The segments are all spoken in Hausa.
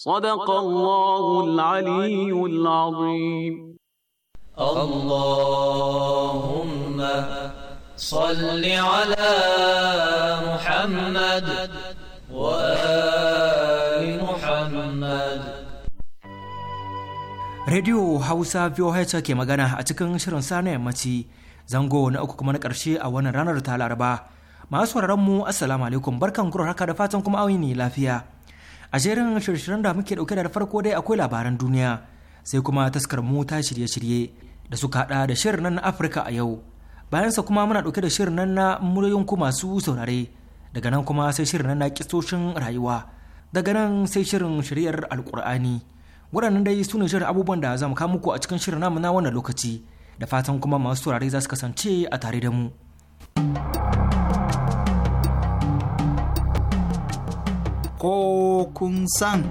صدق الله العلي العظيم اللهم صل على محمد وآل محمد Radio Hausa VOH ke magana a cikin shirin sana yammaci zango na uku kuma na ƙarshe a wannan ranar ta Laraba. Masu mu Assalamu alaikum barkan kuro haka da fatan kuma auni lafiya. a jerin shirye-shiryen da muke dauke da farko dai akwai labaran duniya sai kuma taskar mu ta shirye-shirye da suka hada da shirin nan na afirka a yau bayansa kuma muna dauke da shirin nan na muryoyin ku masu saurare daga nan kuma sai shirin nan na kisoshin rayuwa daga nan sai shirin shiryar alkur'ani waɗannan dai su ne shirin abubuwan da za mu kawo muku a cikin shirin namu na wannan lokaci da fatan kuma masu saurare za su kasance a tare da mu. ko kun san.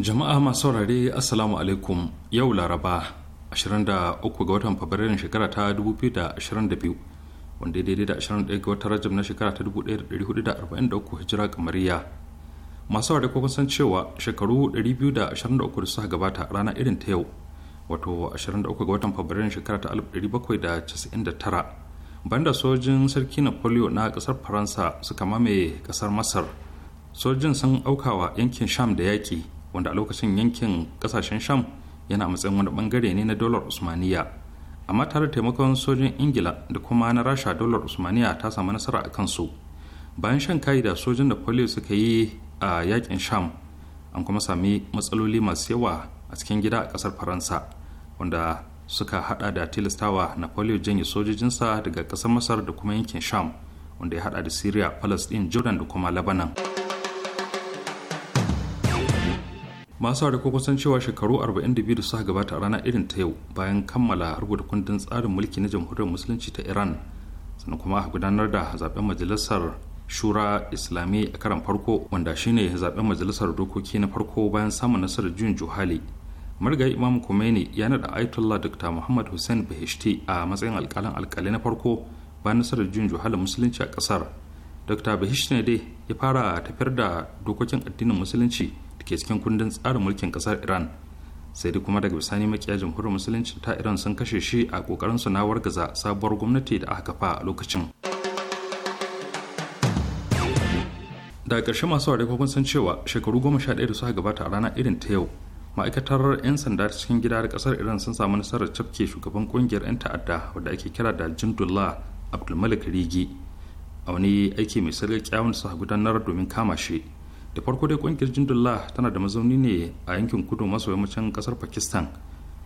Jama'a masu saurari Assalamu alaikum yau Laraba 23 ga watan Fabrairun shekara ta 2022 wanda daidai da 21 ga watan Rajab na shekara ta 1443 hijira kamariya. Masu saurari ko kun san cewa shekaru 223 da suka gabata rana irin ta yau wato 23 ga watan Fabrairun shekara ta 1799 banda sojin sarki napoleon na kasar faransa suka mamaye kasar masar sojin sun aukawa yankin sham da yaƙi wanda a lokacin yankin kasashen sham yana matsayin wani bangare ne na dolar usmaniya amma tare da taimakon sojin ingila da kuma na rasha dolar usmaniya ta samu nasara a kansu bayan shan kayi da sojin napoleon suka yi a yakin sham an kuma sami matsaloli masu yawa a cikin gida a kasar faransa wanda suka hada da tilastawa napoleon janye sojojinsa daga kasar masar da kuma yankin sham wanda ya hada da syria palestine jordan da kuma labanan masu da ko kusan cewa shekaru 42 da suka gabata a ranar irin ta yau bayan kammala rubuta kundin tsarin mulki na jamhuriyar musulunci ta iran sannan kuma a gudanar da zaben majalisar shura islami a karan farko wanda shine zaben majalisar dokoki na farko bayan samun nasarar juyin juhali marigayi imam khomeini ya naɗa ayatollah dr muhammad hussein bahishti a matsayin alkalin alkali na farko bayan nasarar jin juhalin musulunci a kasar dr bahishti ne dai ya fara tafiyar da dokokin addinin musulunci da ke cikin kundin tsarin mulkin kasar iran sai dai kuma daga bisani makiya jamhuriyar musulunci ta iran sun kashe shi a kokarin su na wargaza sabuwar gwamnati da aka kafa a lokacin daga ƙarshe masu ware kun san cewa shekaru goma sha ɗaya da suka gabata a rana irin ta yau ma'aikatar 'yan sanda cikin gida da kasar iran sun samu nasarar cafke shugaban kungiyar 'yan ta'adda wadda ake kira da jindullah abdulmalik rigi a wani aiki mai sarki kyawun su gudanar domin kama shi da farko dai kungiyar jindullah tana da mazauni ne a yankin kudu maso yammacin kasar pakistan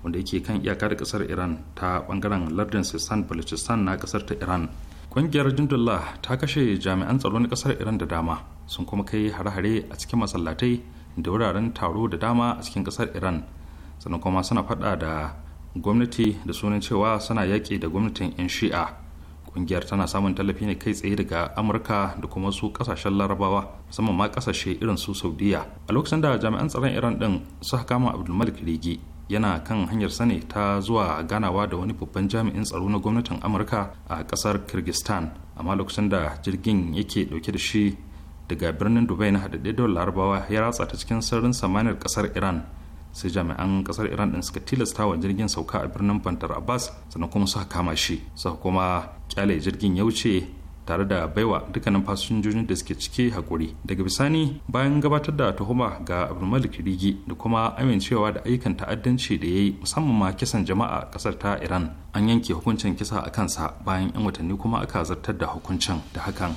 wanda yake kan iyaka da kasar iran ta bangaren lardin sistan balochistan na kasar ta iran kungiyar jindullah ta kashe jami'an tsaro na kasar iran da dama sun kuma kai hare-hare a cikin masallatai da wuraren taro da dama a cikin kasar iran sannan kuma suna fada da gwamnati da sunan cewa suna yaƙi da gwamnatin 'yan shi'a ƙungiyar tana samun tallafi ne kai tsaye daga amurka da kuma su ƙasashen larabawa musamman ma ƙasashe irin su saudiya a lokacin da jami'an tsaron iran din suka kama abdulmalik rigi yana kan hanyar sani ta zuwa ganawa da wani babban jami'in tsaro na gwamnatin amurka a ƙasar kirgistan amma lokacin da jirgin yake dauke da shi daga birnin dubai na haɗaɗɗe dole larabawa ya ratsa ta cikin sararin samaniyar kasar iran sai jami'an kasar iran din suka tilasta wa jirgin sauka a birnin bantar abbas sannan kuma suka kama shi sa kuma kyale jirgin ya wuce tare da baiwa dukkanin fasinjojin da suke cike hakuri daga bisani bayan gabatar da tuhuma ga abdulmalik rigi da kuma amincewa da ayyukan ta'addanci da ya yi musamman ma kisan jama'a a kasar ta iran an yanke hukuncin kisa a kansa bayan 'yan watanni kuma aka zartar da hukuncin da hakan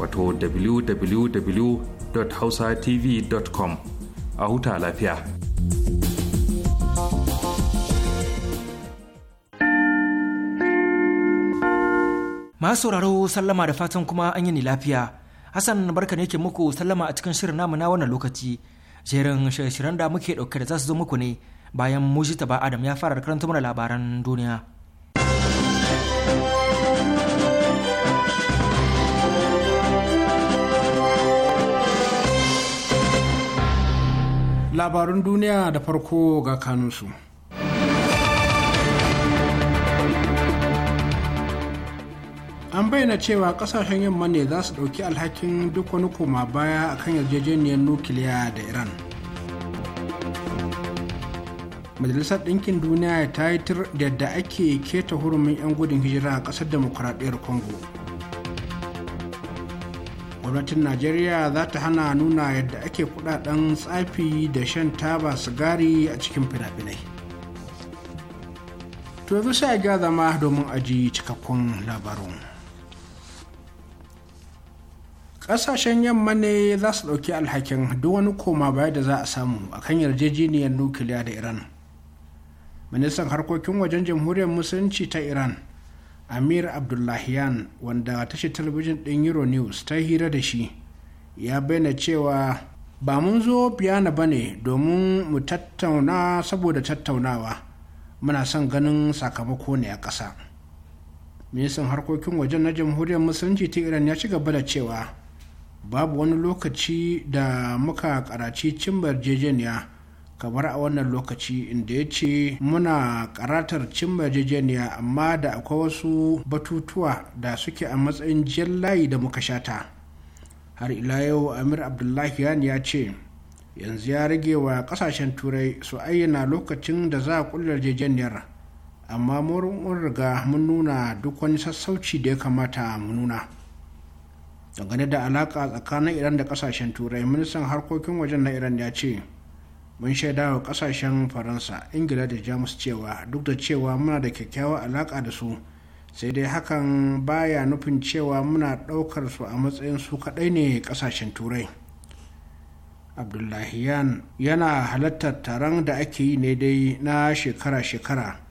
wato www.hausatv.com a huta lafiya. Masu sauraro sallama da fatan kuma an yi ni lafiya. Hassan barka ne ke muku sallama a cikin shirin namu na wannan lokaci. Jerin shirin da muke ɗauke da za su zo muku ne bayan Mujita ba Adam ya fara karanta mana labaran duniya. labarun duniya da farko ga kanunsu. an bayyana cewa kasashen yamma ne za su ɗauki alhakin duk wani koma baya a kan yarjejeniyar nukiliya da iran majalisar ɗinkin duniya ta yi da yadda ake keta hurumin 'yan gudun hijira a ƙasar demokuraɗiyar congo gwamnatin najeriya za ta hana nuna yadda ake kudaden tsafi da shan taba sigari a cikin finafinai. finai to yanzu sai ga zama domin aji cikakkun labarun Kasashen yamma ne za su ɗauki alhakin duk wani koma baya da za a samu a kan yarjejeniyar nukiliya da iran ministan harkokin wajen jamhuriyar musulunci ta iran amir abdullahiyan wanda tashar talabijin ɗin euronews ta hira da shi ya bayyana cewa ba mun zo biyana ba ne domin mu tattauna saboda tattaunawa muna son ganin sakamako ne a ƙasa ministan harkokin wajen na jamhuriyar musulunci ta iran ya ci gaba da cewa babu wani lokaci da muka karaci cimbar jejeniya. kamar a wannan lokaci inda ya ce muna karatar cin yarjejeniya amma da akwai wasu batutuwa da suke a matsayin jiyan layi da muka shata har ila yau amir Abdullahi ya ce yanzu ya rage wa kasashen turai su ayyana lokacin da za a kullar jejeniyar, amma mun riga mun nuna duk wani sassauci da ya kamata mu nuna dangane da alaka tsakanin iran da kasashen turai ministan harkokin wajen na iran ya ce mun shaida wa kasashen faransa ingila da jamus cewa duk da cewa muna da kyakkyawar alaƙa da su sai dai hakan baya nufin cewa muna ɗaukar su a matsayin su kaɗai ne ƙasashen turai abdullahiyan yana halartar taron da ake yi ne dai na shekara-shekara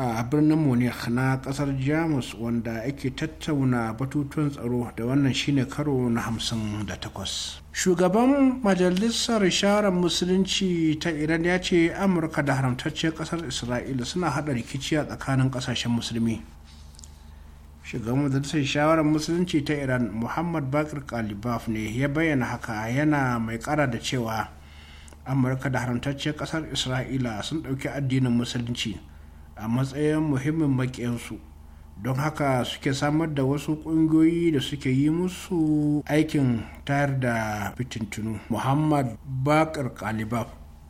a birnin munich na kasar jamus wanda ake tattauna batutuwan tsaro da wannan shine karo na hamsin da takwas. shugaban majalisar sharar musulunci ta iran ya ce amurka da haramtacciyar kasar isra'ila suna hada rikici a tsakanin kasashen musulmi shugaban majalisar shawarar musulunci ta iran muhammad bakir kalibaf ne ya bayyana haka yana mai kara da cewa amurka da haramtacciyar kasar isra'ila sun ɗauki addinin musulunci a matsayin muhimmin makiyansu don haka suke samar da wasu ƙungiyoyi da suke yi musu aikin tayar da fitintunu muhammad bakar kalibab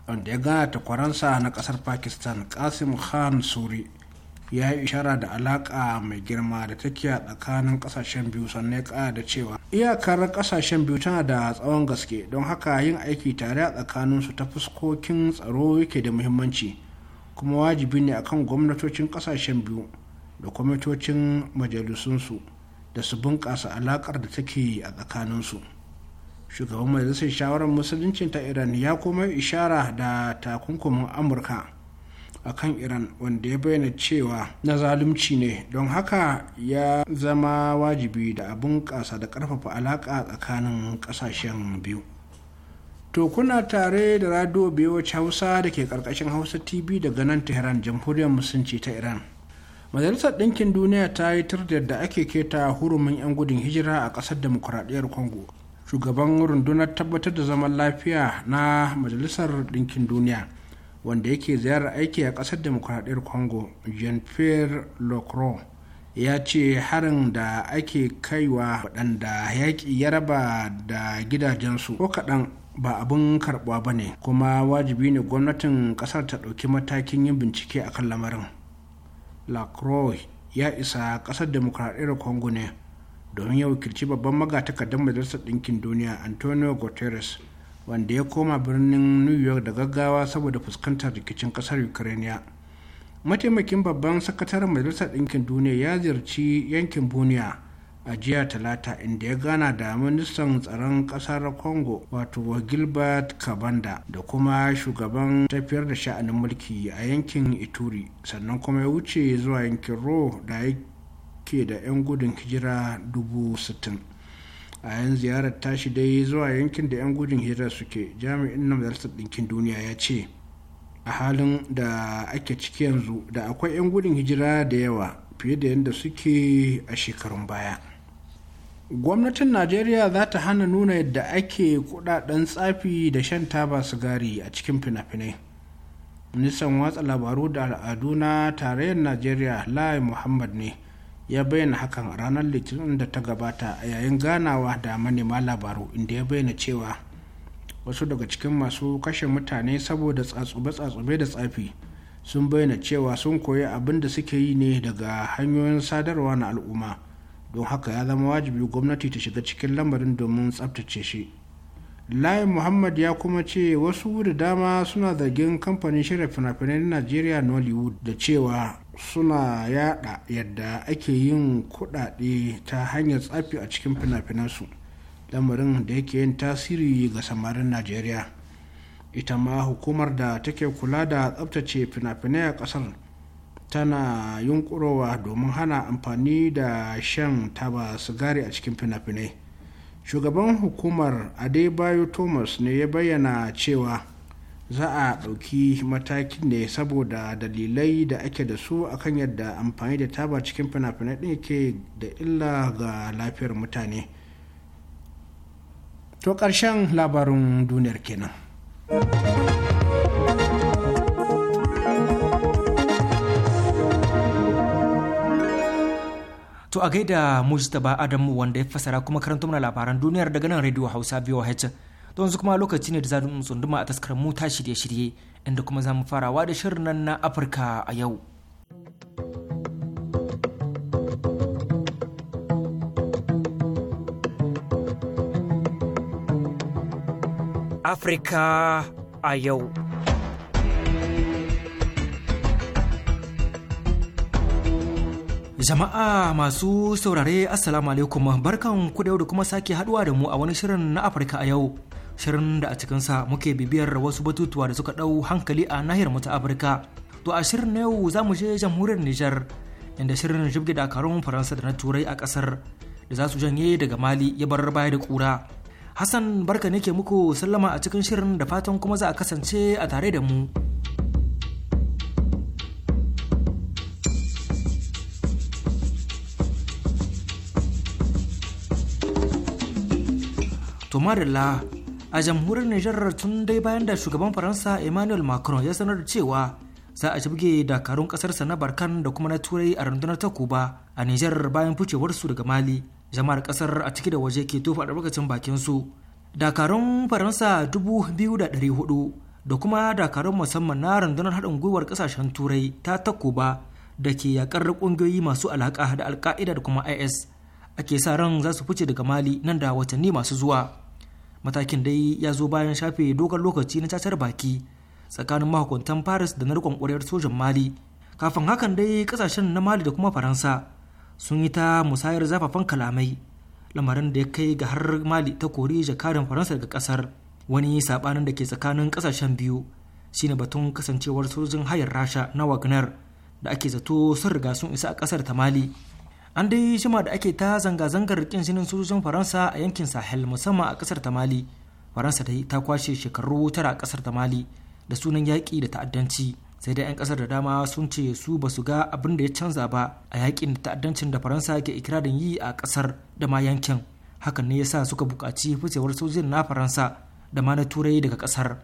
wanda ya gana takwaransa na ƙasar pakistan kasim khan suri ya yi ishara da alaƙa mai girma da take a tsakanin ƙasashen biyu sannan ya da cewa iyakar ƙasashen biyu tana da tsawon gaske don haka yin aiki tare a tsakaninsu ta fuskokin tsaro yake da muhimmanci kuma wajibi ne akan gwamnatocin kasashen biyu da kwamitocin majalisunsu da su bunƙasa alaƙar da take a tsakaninsu shugaban majalisar shawarar musuluncin ta iran ya kuma ishara da takunkumin amurka a kan iran wanda ya bayyana cewa na zalunci ne don haka ya zama wajibi da a bunƙasa da ƙarfafa alaƙa tsakanin ƙasashen biyu To kuna tare da radio BOH Hausa da ke karkashin Hausa TV daga nan Tehran jamhuriyar musulunci ta Iran. Majalisar Ɗinkin Duniya ta yi tar da ake keta hurumin 'yan gudun hijira a ƙasar Demokuraɗiyar Congo. Shugaban rundunar tabbatar da zaman lafiya na Majalisar Ɗinkin Duniya wanda yake ziyarar aiki a ƙasar Demokuraɗiyar Congo Jean-Pierre Lacroix ya ce harin da ake kaiwa waɗanda yaƙi ya raba da gidajensu ko kaɗan ba abin karɓuwa ba ne kuma wajibi ne gwamnatin ƙasar ta ɗauki matakin yin bincike a kan lamarin lacroix ya isa ƙasar demokradiyyar congo ne domin ya wakilci babban magatakardar majalisar ɗinkin duniya antonio guterres wanda ya koma birnin new york da gaggawa saboda fuskantar rikicin ƙasar ukraine mataimakin babban sakataren majalisar ɗinkin duniya ya ziyarci yankin buniya a jiya talata inda ya gana da ministan tsaron kasar congo wato gilbert kabanda da kuma shugaban tafiyar da sha'anin mulki a yankin ituri sannan kuma ya wuce zuwa yankin ro da yake da 'yan gudun hijira dubu sittin a yan ziyarar tashi dai zuwa yankin da 'yan gudun hijira suke jami'in na majalisar ɗinkin duniya ya ce a halin da ake ciki yanzu da akwai 'yan gudun hijira da yawa fiye da yadda suke a shekarun baya gwamnatin najeriya za ta hana nuna yadda ake kudaden tsafi da shan taba sigari a cikin fina-finai nisan watsa labaru da al'adu na tarayyar najeriya lai muhammad ne ya bayyana hakan a ranar litinin da ta gabata a yayin ganawa da manema labaru inda ya bayyana cewa wasu daga cikin masu kashe mutane saboda tsatsube-tsatsube da tsafi sun bayyana cewa sun koyi abin da suke yi ne daga hanyoyin sadarwa na al'umma don haka ya zama wajibi gwamnati ta shiga cikin lamarin domin tsabtace shi layin muhammad ya kuma ce wasu da dama suna zargin kamfanin shirya fina-finai na najeriya nollywood da cewa suna yada yadda ake yin kudade ta hanyar tsafi a cikin fina-finansu lamarin da yake yin tasiri ga samarin najeriya ita ma hukumar da take kula da tsabtace fina-finai a kasar tana yunkurowa domin hana amfani da shan taba sigari a cikin fina-finai shugaban hukumar adebayo thomas ne ya bayyana cewa za a ɗauki matakin ne saboda dalilai da ake da su akan yadda amfani da taba cikin fina-finai ɗin ke da illa ga lafiyar mutane to ƙarshen labarin duniyar kenan. To a gaida Mustapha Adamu wanda ya fasara kuma karanta mana labaran duniyar daga nan Radio Hausa VOH. To yanzu kuma lokaci ne da za mu tsunduma a taskar mu ta shirye-shirye inda kuma za mu farawa da shirin nan na Afirka a yau. Afirka a yau. Jama'a masu saurare Assalamu alaikum barkan ku da yau da kuma sake haduwa da mu a wani shirin na Afirka a yau. Shirin da a cikinsa muke bibiyar wasu batutuwa da suka ɗau hankali a nahiyar mu ta Afirka. To a shirin na yau za mu je jamhuriyar Nijar inda shirin jibge dakarun Faransa da na Turai a ƙasar da za su janye daga Mali ya bar baya da ƙura. Hassan barka ne ke muku sallama a cikin shirin da fatan kuma za a kasance a tare da mu. to marilla a jamhuriyar nijar tun dai bayan da shugaban faransa emmanuel macron ya sanar da cewa za a jibge dakarun kasarsa na barkan da kuma na turai a rundunar ta kuba a nijar bayan ficewarsu daga mali jama'ar kasar a ciki da waje ke tofa albarkacin bakin su dakarun faransa dubu biyu da ɗari hudu da kuma dakarun musamman na rundunar haɗin gwiwar kasashen turai ta takuba da ke yakar ƙungiyoyi masu alaƙa da alka'ida da kuma is ake sa ran za su fice daga mali nan da watanni masu zuwa matakin dai ya zo bayan shafe dogon lokaci na cacar baki tsakanin mahukuntan paris da na rikon kwarar sojan mali kafin hakan dai kasashen na mali da kuma faransa sun yi ta musayar zafafan kalamai lamarin da ya kai ga har mali ta kori jakarin faransa daga kasar wani sabanin da ke tsakanin kasashen biyu shine batun kasancewar sojin hayar rasha na wagner da ake zato sun riga sun isa a kasar ta mali an dai shima da ake ta zanga-zangar rikin jinin sojojin faransa a yankin sahel musamman a kasar ta mali faransa ta yi ta kwashe shekaru tara a kasar ta mali da sunan yaƙi da ta'addanci sai dai 'yan kasar da dama sun ce su ba su ga abin da ya canza ba a yaƙin da ta'addancin da faransa ke ikirarin yi a kasar da ma yankin hakan ne yasa suka buƙaci ficewar sojojin na faransa da ma na turai daga kasar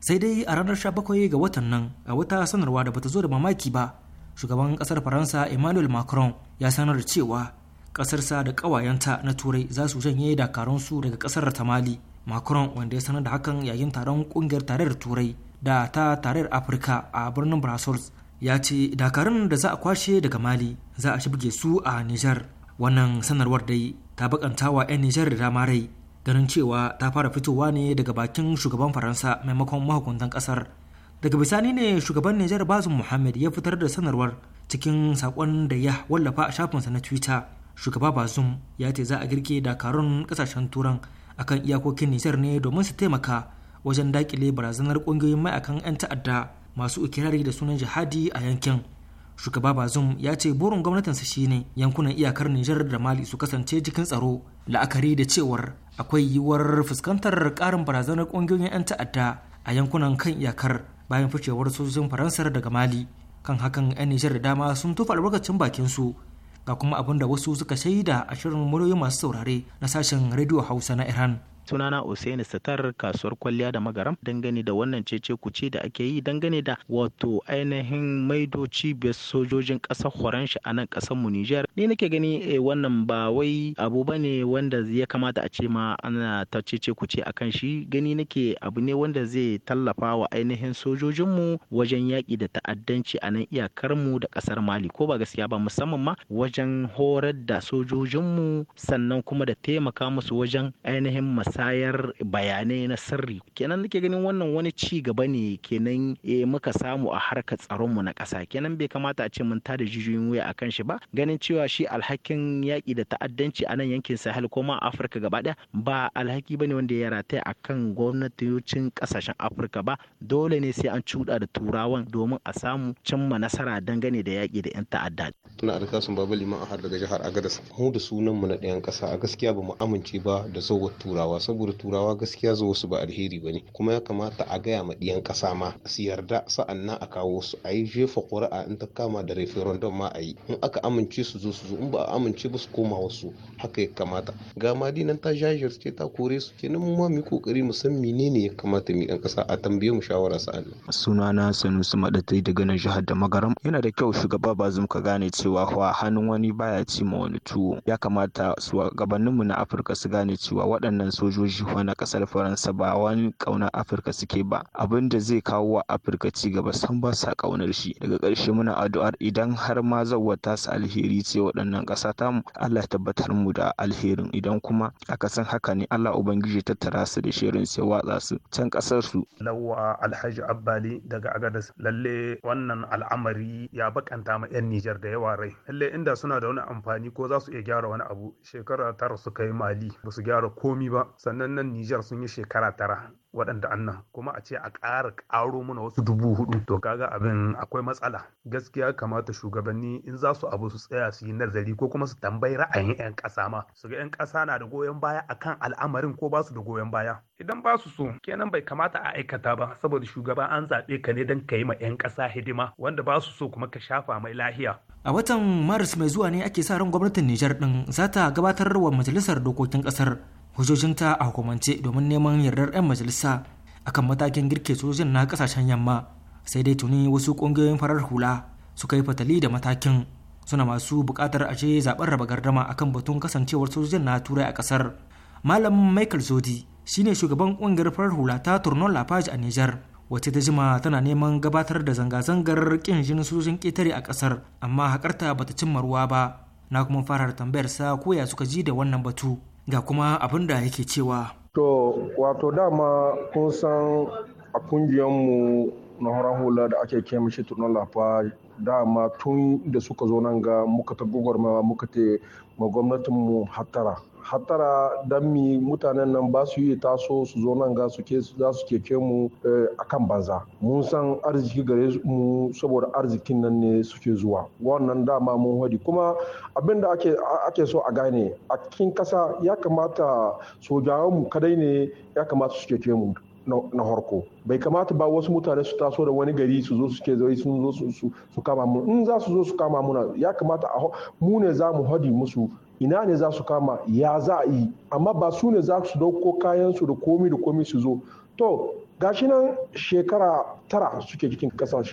sai dai a ranar 17 ga watan nan a wata sanarwa da bata zo da mamaki ba shugaban kasar faransa emmanuel macron ya sanar da cewa kasarsa da kawayenta na turai za su janye dakaransu daga kasar ta macron wanda ya sanar da hakan yayin taron kungiyar tarayyar turai da ta tarayyar afirka a birnin brussels ya ce dakarun da za a kwashe daga mali za a shibge su a niger wannan sanarwar dai ta bakantawa 'yan nijar da dama rai ganin cewa ta fara fitowa ne daga bakin shugaban faransa maimakon mahukuntan kasar daga bisani ne shugaban nijar bazum muhammad ya fitar da sanarwar cikin sakon da ya wallafa a shafinsa na twitter shugaba bazum ya ce za a girke dakarun kasashen turan akan iyakokin nijar ne domin su taimaka wajen dakile barazanar kungiyoyin ma'aikan 'yan ta'adda masu ikirari da sunan jihadi a yankin shugaba bazum ya ce burin gwamnatinsa shine yankunan iyakar nijar da mali su kasance cikin tsaro la'akari da cewar akwai yiwuwar fuskantar karin barazanar kungiyoyin 'yan ta'adda a yankunan kan iyakar bayan ficewar sojojin faransar daga mali kan hakan 'yan nijar da dama sun tofa albarkacin bakin su ga kuma abin da wasu suka shaida a shirin muryoyi masu saurare na sashen rediyo hausa na iran sunana Usaini Satar kasuwar kwalliya da magaram dangane da wannan cece kuce da ake yi dangane da wato ainihin maido cibiyar sojojin ƙasar Horanshi a nan ƙasar mu Nijar ni nake gani eh, wannan ba wai abu bane wanda ya kamata a ce ma ana ta cece kuce akan shi gani nake abu ne wanda zai tallafa wa ainihin sojojinmu wajen yaƙi da ta'addanci a nan iyakarmu da ƙasar Mali ko ba gaskiya ba musamman ma wajen horar da sojojinmu sannan kuma da taimaka musu wajen ainihin musayar bayanai na sirri kenan nake ganin wannan wani ci gaba ne kenan eh, muka samu a harkar tsaronmu na ƙasa kenan bai kamata a ce mun tada jijiyoyin wuya akan shi ba ganin cewa shi alhakin yaƙi da ta'addanci a nan yankin sahel ko ma afirka gaba ɗaya ba alhaki bane wanda ya rataya akan gwamnatocin kasashen afirka ba dole ne sai an cuɗa da turawan domin a samu cimma nasara dangane da yaƙi da 'yan ta'adda. Tuna alkasun babu Liman har daga jihar Agadas. Mu da sunan mu na ɗayan ƙasa a gaskiya ba mu amince ba da sowar turawa saboda turawa gaskiya zuwa wasu ba alheri ba ne kuma ya kamata a gaya ma ɗiyan ƙasa ma su yarda sa'an nan a kawo su a yi jefa ƙuri'a in ta kama da referendum ma a yi in aka amince su zo su zo in ba a amince ba su koma wasu haka ya kamata ga ma dinan ta jajirce ta kore su kenan mu ma mu kokari mu san menene ya kamata mu ɗan ƙasa a tambaye mu shawara sa'an na sunana sanusi maɗatai daga nan jihar da magaram yana da kyau shugaba ba zum ka gane cewa wa hannun wani baya ci ma wani tuwo ya kamata su gabaninmu na afirka su gane cewa waɗannan soja sojoji na kasar faransa ba wani kaunar afirka suke ba abin da zai kawo wa afirka ci gaba san ba sa kaunar shi daga karshe muna addu'ar idan har ma zawar ta su alheri ce waɗannan ƙasa mu allah tabbatar mu da alherin idan kuma aka san haka ne allah ubangiji tattara su da shirin sai watsa su can ƙasar su. lawa alhaji abbali daga agadas lalle wannan al'amari ya bakanta ma 'yan nijar da yawa rai lalle inda suna da wani amfani ko za su iya gyara wani abu shekara tara suka kai mali ba su gyara komi ba sannan nan Nijar sun yi shekara tara waɗanda annan kuma a ce a ƙara ƙaro muna wasu dubu hudu to kaga abin akwai matsala gaskiya kamata shugabanni in za su abu su tsaya su yi nazari ko kuma su tambayi ra'ayin 'yan ƙasa ma su ga 'yan ƙasa na da goyon baya akan al'amarin ko ba su da goyon baya idan ba su so kenan bai kamata a aikata ba saboda shugaba an zaɓe ka ne don ka yi ma 'yan ƙasa hidima wanda ba su so kuma ka shafa mai lahiya a watan maris mai zuwa ne ake sa ran gwamnatin nijar din za ta gabatar wa majalisar dokokin ƙasar hujjojinta a hukumance domin neman yardar 'yan majalisa akan matakin girke sojojin na kasashen yamma sai dai tuni wasu ƙungiyoyin farar hula suka yi fatali da matakin suna masu buƙatar ashe zaɓen raba gardama akan batun kasancewar sojojin na turai a ƙasar malam michael zodi shine shugaban ƙungiyar farar hula ta turnon lafaji a nijar wace ta jima tana neman gabatar da zanga-zangar kin jinin sojojin ƙetare a ƙasar amma haƙarta bata cimma ruwa ba na kuma fara tambayar sa koya suka ji da wannan batu ga kuma abin da yake cewa to wato dama kun san a mu na horon hula da ake kai shi tunan lafa dama tun da suka zo nan ga muka ta gwagwarmawa muka ta ma gwamnatinmu hattara Hatara dan mi mutanen nan ba su yi taso su zo nan ga suke za su keke mu eh, akan banza mun san arziki gare mu saboda arzikin nan ne suke zuwa wannan dama mun hadi kuma abin da ake so a gane a cikin kasa ya kamata sojawan mu kadai ne ya kamata su keke mu na harko bai kamata ba wasu mutane su taso da wani gari su zo ke zai sun zo su kama mu in za muna ya kamata mu ne za mu hadi musu ina ne za su kama ya za a yi amma ba su ne za su dauko kayan su da komi da komi su zo to gashi nan shekara tara suke jikin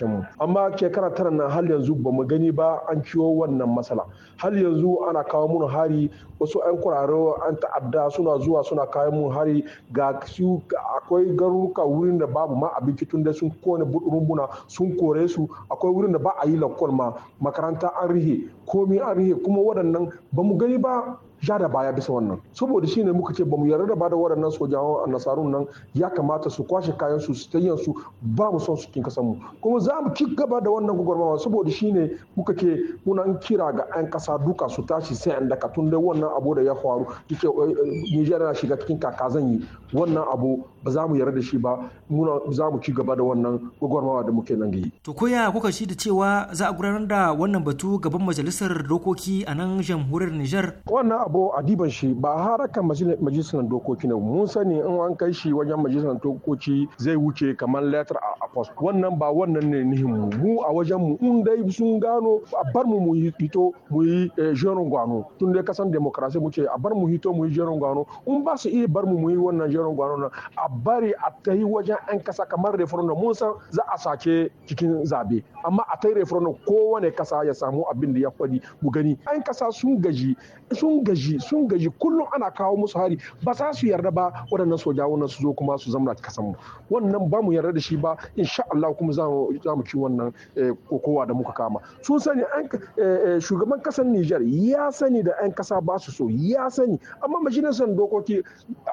mu amma shekara tara na hal yanzu ba mu gani ba an ciwo wannan matsala hal yanzu ana kawo mun hari wasu 'yan kurare an ta'adda suna zuwa suna kawo mun hari ga su akwai garuruka wurin da babu ma abinci tun da sun kone rumbuna sun kore su akwai wurin da ba a yi lakon ma makaranta an rihe komi an rihe kuma waɗannan ba mu gani ba ja da baya bisa wannan saboda shi ne muka ce ba mu yarda da bada waɗannan sojawan nasarun nan ya kamata su kwashe kayan su su tayyan su ba mu son su kin kasan mu kuma za mu ci gaba da wannan gwagwarmawa saboda shi ne muka ce muna kira ga 'yan kasa duka su tashi sai an daka tun dai wannan abu da ya faru yake eh, eh, Nijar na shiga cikin kaka zan yi wannan abu ba za mu yarda da shi ba muna za mu ci gaba da wannan gwagwarmawa da muke nan gayi. To ko ya kuka shi da cewa za a gudanar da wannan batu gaban majalisar dokoki a nan jamhuriyar Nijar? Wannan abu a diban shi ba harakan majalisar dokoki ne mun sani in an kai shi wajen majalisar dokoki zai wuce kamar letter a post wannan ba wannan ne nihin mu a wajen mu in dai sun gano a bar mu mu hito mu yi eh, jerin gwano tun dai kasan demokrasi mu ce a bar mu hito mu yi jerin gwano in ba su iya bar mu mu yi wannan jerin gwano na a bari a ta yi wajen an kasa kamar referendum mun san za a sace cikin zabe amma a ta yi referendum kowane kasa ya samu abin da ya faɗi mu gani an kasa sun gaji sun gaji gaji sun gaji kullum ana kawo musu hari ba za su yarda ba waɗannan wannan su zo kuma su zamna kasan mu wannan ba mu yarda da shi ba insha Allah kuma za mu ci wannan eh, kokowa da muka kama sun sani an eh, eh, shugaban kasar Nijar ya sani da an kasa ba su so ya sani amma majalisar dokoki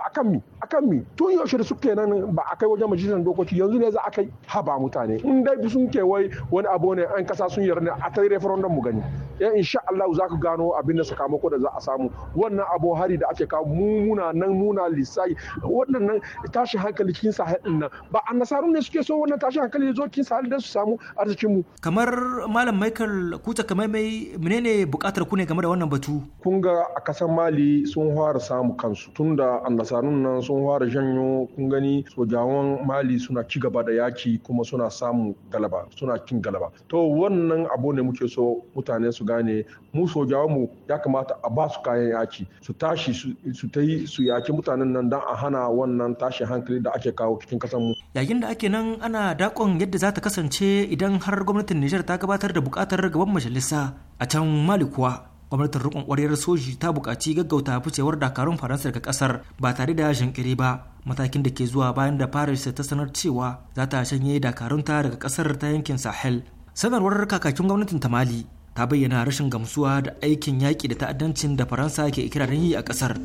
akan mi akan mi tun yaushe da suke nan ba a kai wajen majalisar dokoki yanzu ne za a kai haba mutane in dai sun ke wai wani abu ne an kasa sun yarda a ta referendum mu gani ya insha Allah za ku gano abin da sakamako da za a samu wannan abu hari da ake kawo mu muna nan muna lissayi wannan tashi hankali kin sa nan ba an nasaru ne suke so wannan tashi hankali ya zo kin sa su samu arzikin mu kamar malam Michael kuta kamar mai menene bukatar ku ne game da wannan batu kun ga a kasan Mali sun fara samu kansu tunda an nasarun nan sun fara janyo kun gani sojawan Mali suna ci gaba da yaki kuma suna samu galaba suna kin galaba to wannan abu ne muke so mutane su gane mu sojawanmu ya kamata a ba su kayan yaki su tashi su ta yi su yaki mutanen nan don a hana wannan tashin hankali da ake kawo cikin kasan mu yayin da ake nan ana dakon yadda za ta kasance idan har gwamnatin Nijar ta gabatar da bukatar gaban majalisa a can Mali kuwa gwamnatin rikon kwaryar soji ta bukaci gaggauta ficewar dakarun faransa daga kasar ba tare da jinkiri ba matakin da ke zuwa bayan da paris ta sanar cewa za ta shanye dakarunta daga kasar ta yankin sahel sanarwar kakakin gwamnatin ta mali ta bayyana rashin gamsuwa da aikin yaƙi da ta'addancin da faransa ke ikirarin yi a ƙasar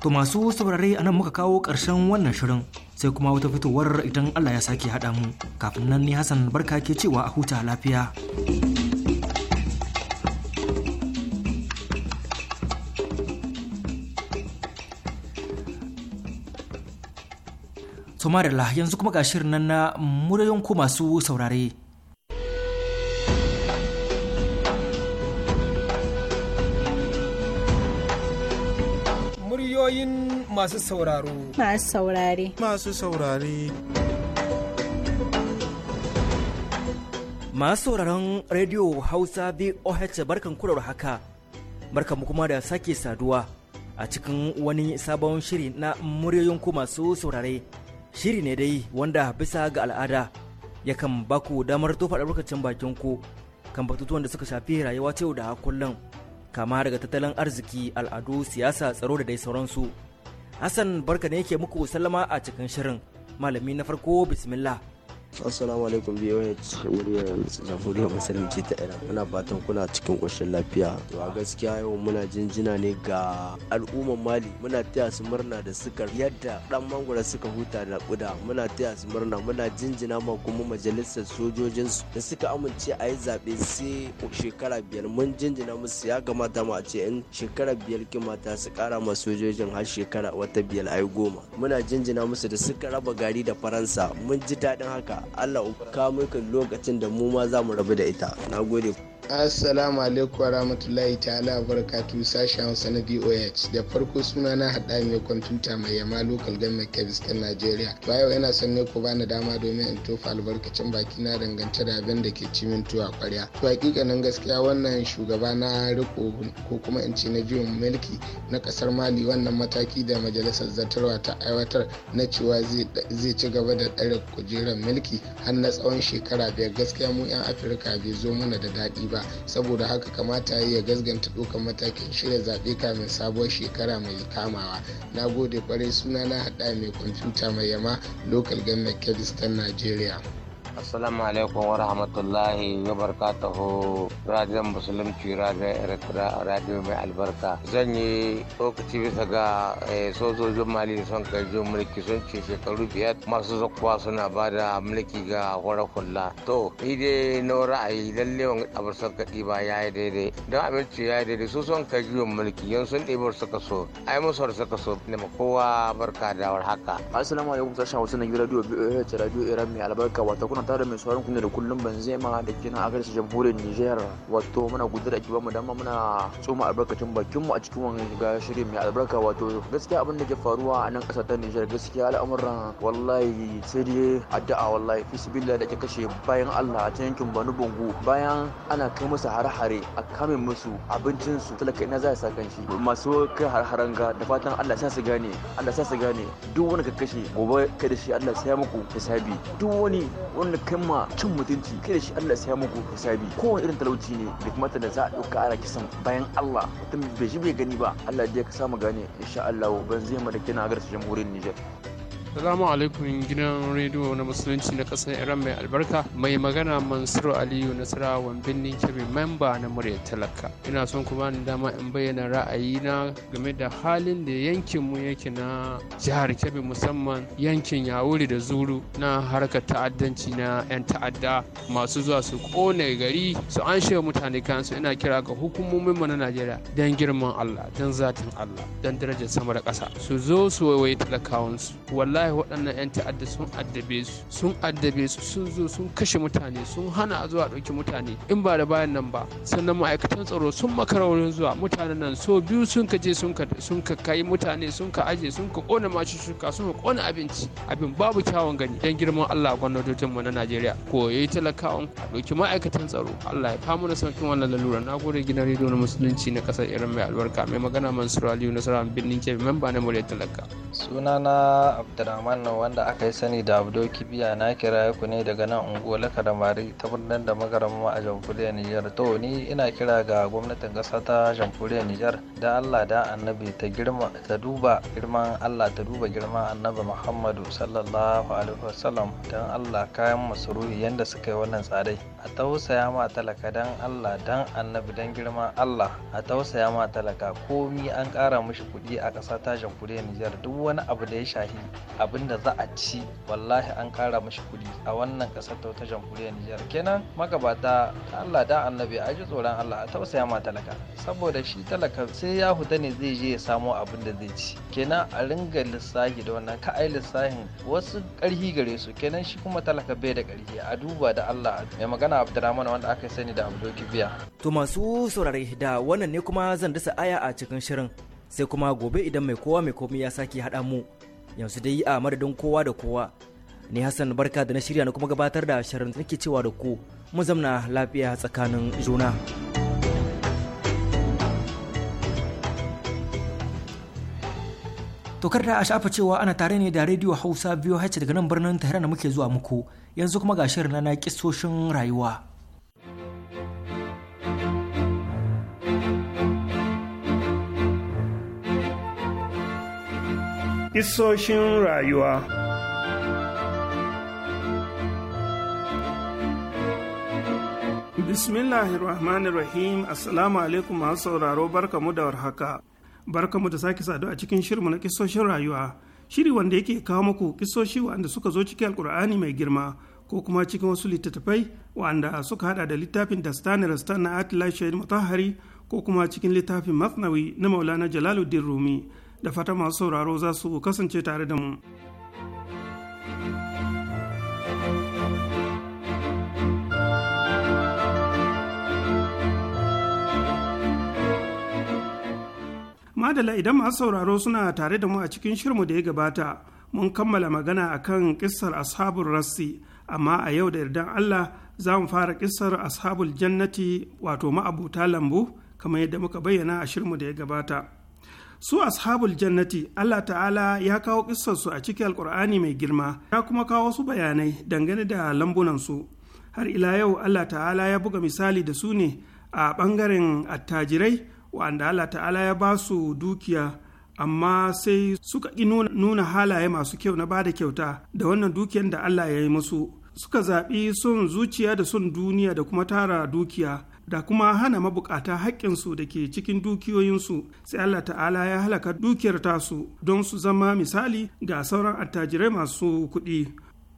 to masu saurare a nan muka kawo ƙarshen wannan shirin sai kuma wata fitowar idan allah ya sake haɗa mu kafin nan ni hassan barka ke cewa a huta lafiya Somarila yanzu kuma ga shirin nan na murayen ku masu saurare. Muryoyin masu sauraro. Masu saurare. Masu saurare. Masu sauraron Radio Hausa VOH barkan kurar haka, barkanmu kuma da sake saduwa a cikin wani sabon shiri na muryoyin ku masu saurare. shiri ne dai wanda bisa ga al'ada yakan baku damar tofa albarkacin bakin ku kan batutuwan da suka shafi rayuwa ta yau da kullum kama daga tattalin arziki al'adu siyasa tsaro da dai sauransu hassan barka ne yake muku sallama a cikin shirin malami na farko bismillah assalamu alaikum biyo muryar jamhuriyar musulunci ta iran muna fatan kuna cikin ƙoshin lafiya to a gaskiya yau muna jinjina ne ga al'umman mali muna taya su murna da suka yadda dan mangwara suka huta da kuda muna taya su murna muna jinjina ma kuma majalisar sojojin su da suka amince a yi zaɓe sai shekara biyar mun jinjina musu ya kamata mu a ce in shekara biyar kimata su kara ma sojojin har shekara wata biyar yi goma muna jinjina musu da suka raba gari da faransa mun ji daɗin haka Allah ka mu lokacin da mu ma za mu rabu da ita na gode Assalamu alaikum wa rahmatullahi ta'ala barakatu sashen Hausa na BOH da farko suna na hada mai kwamfuta mai yama local government kebis ɗin Najeriya. yau yana son ne ku bani dama domin in tofa albarkacin baki na dangance da abin da ke cimin tuwa kwarya. To hakikanin gaskiya wannan shugaba na riko ko kuma in ce na biyun mulki na kasar Mali wannan mataki da majalisar zartarwa ta aiwatar na cewa zai ci gaba da tsare kujerar mulki har na tsawon shekara biyar gaskiya mu 'yan Afirka bai zo mana da daɗi ba. ba saboda haka kamata ya gasganta ɗaukar matakin shirya zaɓe kamin sabuwar shekara mai kamawa na gode kwarai suna na haɗa mai kwamfuta mai yama local government kebis ta nigeria assalamu alaikum wa rahmatullahi wa barakatuhu radiyon musulunci radiyon eritrea radio mai albarka zan yi lokaci bisa ga eh, sojojin mali son kai mulki sun ce shekaru biyar masu zakuwa suna ba da mulki ga wara kulla to ni dai na ra'ayi lalle wani abu sun kaɗi ba ya yi daidai don aminci ya yi daidai su son kai juyin mulki yan sun ɗibar suka so ai musu suka so ne ma kowa barka da war haka assalamu alaikum sashen wasu na yi radio radio iran mai albarka wata kuna manta da mai sauran kunne da kullum Benzema da ke nan a garsa jamhuriyar Nijar wato muna gudu da kiwa mu dama muna tsoma albarkacin bakin mu a cikin wannan shiga shirin mai albarka wato gaskiya abin da ke faruwa a nan kasar ta Nijar gaskiya al'amuran wallahi sai dai addu'a wallahi fisbillah da ke kashe bayan Allah a cikin yankin Banu Bongo bayan ana kai musu har hare a kame musu abincin su talaka ina za a sa shi masu kai har-haren ga da fatan Allah sa su gane Allah sa su gane duk wani ka kashe gobe kai da shi Allah sai muku hisabi duk wani wanda da kai ma cin mutunci kai da shi Allah sai ya muku hisabi kowane irin talauci ne da kuma da za a ɗauka kisan bayan Allah mutum bai ji bai gani ba Allah dai ka samu gane insha Allah ban zai mu da kina ga jamhuriyar Niger Assalamu alaikum gidan rediyo na musulunci na ƙasar Iran mai albarka mai magana Mansur Aliyu Nasara Birnin Ninkiri memba na murya talaka. Ina son kuma ni dama in bayyana ra'ayina game da halin da yankin mu yake na jihar Kebbi musamman yankin Yawuri da Zuru na harkar ta'addanci na 'yan ta'adda masu zuwa su kone gari su an mutane kansu ina kira ga hukumomin mu na Najeriya don girman Allah don zatin Allah don darajar sama da ƙasa su zo su waiwaye talakawansu wallahi wallahi waɗannan 'yan ta'adda sun addabe su sun addabe su sun zo sun kashe mutane sun hana a zuwa ɗauki mutane in ba da bayan nan ba sannan ma'aikatan tsaro sun makara wurin zuwa mutanen nan so biyu sun ka je sun ka sun ka kai mutane sun ka aje sun ka kona mashi shuka sun ka kona abinci abin babu kyawun gani dan girman Allah gwamnatocin mu na Najeriya ko yayi talakawan a ɗauki ma'aikatan tsaro Allah ya kama na saukin wannan lalura gode gina rediyo na musulunci na ƙasar Iran mai albarka mai magana Mansur Aliyu Nasara birnin Kebbi memba na Murya Talaka sunana Abdurrahman abdulrahman wanda aka yi sani da abdo kibiya na kira ku ne daga nan da mari ta birnin da magarama a jamhuriyar nijar to ni ina kira ga gwamnatin ƙasa ta jamhuriyar nijar da allah da annabi ta girma ta duba girman allah ta duba girman annabi muhammadu sallallahu alaihi wasallam don allah kayan masarufi yanda suka yi wannan tsadai a tausaya ma talaka don allah don annabi don girma allah a tausaya ma talaka komi an ƙara mishi kuɗi a ƙasa ta jamhuriyar nijar duk wani abu da ya shahi abin da za a ci wallahi an kara mashi kuɗi a wannan ƙasar ta jamhuriyar Nijar kenan magabata Allah da annabi a ji tsoron Allah a tausaya ma talaka saboda shi talaka sai ya huta ne zai je ya samo abin da zai ci kenan a ringa lissafi da wannan ka ai lissafin wasu ƙarfi gare su kenan shi kuma talaka bai da ƙarfi. a duba da Allah mai magana Abdurrahman wanda aka sani da Abdul biya. to masu saurare da wannan ne kuma zan dasa aya a cikin shirin sai kuma gobe idan mai kowa mai komai ya sake haɗa mu yanzu dai a madadin kowa da kowa ni hassan barka da na shirya na kuma gabatar da shirin nake cewa da ku mu zamna lafiya tsakanin juna tokar da a shafa cewa ana tare ne da rediyo hausa biyu hace daga nan birnin tahran da muke zuwa muku yanzu kuma ga shirin na kisoshin rayuwa Isoshin rayuwa Bismillahirrahmanirrahim Assalamu alaikum masu sauraro barkamu da warhaka. Barkamu da sake sadu a cikin shirmu na kisoshin rayuwa, shiri wanda yake kawo muku kisoshi wanda suka zo cikin alkur'ani mai girma ko kuma cikin wasu littattafai wanda suka hada da littafin da Rastan na Atila Shahid Mutahari ko kuma cikin littafin Masnawi na Maulana Jalaluddin Rumi. da fata masu sauraro za su kasance tare da mu. Madala idan masu sauraro suna tare da mu a cikin shirmu da ya gabata mun kammala magana a kan ƙisar ashabul rassi amma a yau da yardan Allah za mu fara ƙisar ashabul jannati wato ma'abuta lambu kamar yadda muka bayyana a shirmu da ya gabata. su ashabul jannati Allah ta'ala ya kawo su a cikin alkur'ani mai girma ya kuma kawo wasu bayanai dangane da lambunansu har ila yau Allah ta'ala ya buga misali da su ne a ɓangaren attajirai wa'anda Allah ta'ala ya ba su dukiya amma sai suka ƙi nuna halaye masu kyau na bada kyauta da wannan dukiyar da Allah ya yi musu suka zaɓi sun zuciya da sun duniya da kuma tara dukiya da kuma hana mabukata haƙƙinsu da ke cikin dukiyoyinsu sai Allah ta'ala ya halaka dukiyar tasu don su zama misali ga sauran attajirai masu kuɗi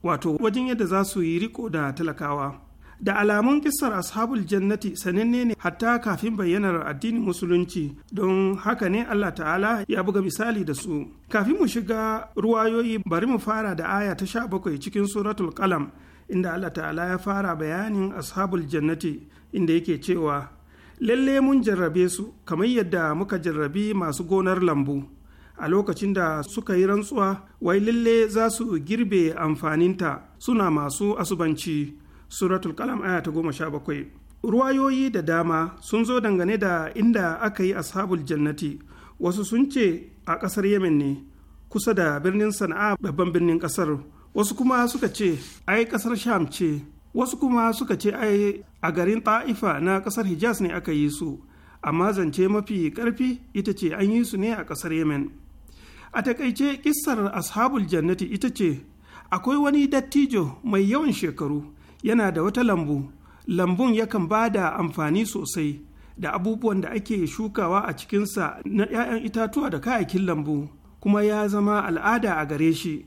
wato wajen yadda za su yi riko da talakawa da alamun kisar ashabul jannati sananne ne hatta kafin bayyanar addinin musulunci don haka ne Allah ta'ala ya buga misali da su kafin mu shiga ruwayoyi bari mu fara da aya ta sha bakwai cikin suratul qalam inda Allah ta'ala ya fara bayanin ashabul jannati inda yake cewa lalle mun jarrabe su kamar yadda muka jarrabi masu gonar lambu a lokacin da suka yi rantsuwa wai lalle za su girbe amfaninta suna masu asubanci suratul kalam aya ta goma sha bakwai ruwayoyi da dama sun zo dangane da inda aka yi ashabul jannati wasu sun ce a ƙasar yemen ne kusa da birnin sana'a babban birnin ƙasar wasu kuma suka ce ai kasar sham ce wasu kuma suka ce ai a garin ta'ifa na kasar hijaz ne aka yi su amma zance mafi karfi ita ce an yi su ne a kasar yemen a takaice kissar ashabul jannati ita ce akwai wani dattijo mai yawan shekaru yana da wata lambu lambun yakan ba da amfani sosai da abubuwan da ake shukawa a cikinsa na 'ya'yan itatuwa da kayakin lambu kuma ya zama al'ada a gare shi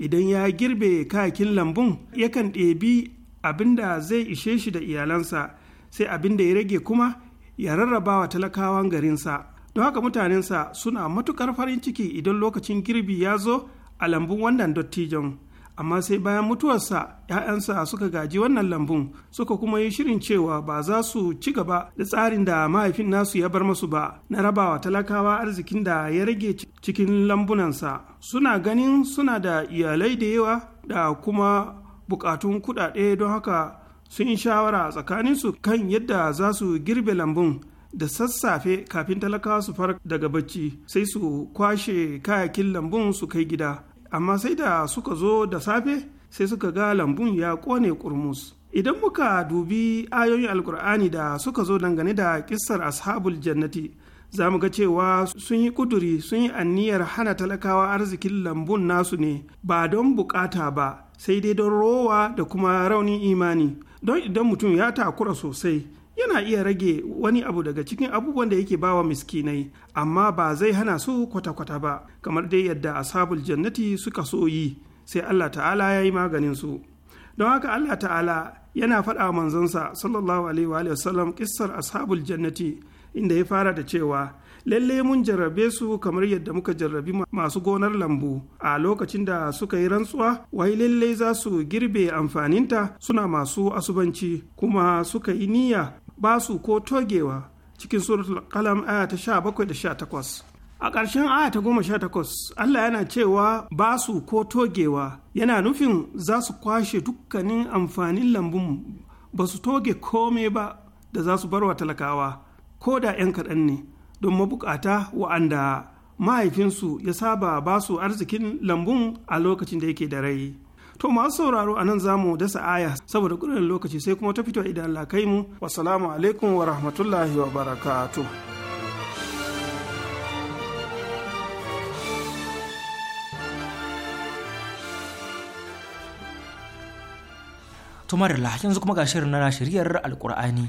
idan ya girbe kayakin lambun yakan ɗebi abin da zai ishe shi da iyalansa sai abin da ya rage kuma ya rarraba wa talakawan garinsa don haka mutanensa suna matukar farin ciki idan lokacin girbi ya zo a lambun wannan dottijon amma sai bayan mutuwarsa 'ya'yansa suka gaji wannan lambun suka kuma yi shirin cewa ba za su ci gaba da tsarin da mahaifin nasu ya bar masu ba na rabawa talakawa arzikin da ya rage cikin lambunansa suna ganin suna da iyalai da yawa da kuma bukatun kudade don haka sun shawara tsakaninsu kan yadda za su girbe lambun da sassafe kafin talakawa su farka daga bacci sai su kwashe kayakin lambun su kai gida amma sai da suka zo da safe sai suka ga lambun ya kone kurmus idan muka dubi ayoyin alkur'ani da suka zo dangane da kissar ashabul jannati za mu ga cewa sun yi kuduri sun yi anniyar hana talakawa arzikin lambun nasu ne ba don bukata ba sai dai don rowa da kuma raunin imani don idan mutum ya takura sosai yana iya rage wani abu daga cikin abubuwan da yake bawa miskinai amma ba zai hana su kwata-kwata ba kamar dai yadda ashabul jannati suka so yi sai Allah ta'ala ya yi maganin su don haka Allah ta'ala yana faɗa manzansa sallallahu alaihi wa sallam kissar ashabul jannati inda ya fara da cewa lalle mun jarrabe su kamar yadda muka jarrabi masu gonar lambu a lokacin da suka yi rantsuwa wai lalle za su girbe amfaninta suna masu asubanci kuma suka yi niyya basu ko togewa cikin suratul kalam aya ta bakwai da sha takwas a ƙarshen aya ta goma sha takwas Allah yana cewa basu ko togewa yana nufin za su kwashe dukkanin amfanin lambun ba su toge kome ba da za su wa talakawa ko da 'yan kaɗan ne don mabukata wa'anda mahaifinsu ya saba ba su arzikin lambun a lokacin da yake da rai to masu sauraro a nan za mu dasa aya saboda ƙudurin lokaci sai kuma ta fito idan Allah kai mu wasalamu alaikum wa rahmatullahi wa barakatuh tumarila yanzu kuma ga shirin na shiryar alkur'ani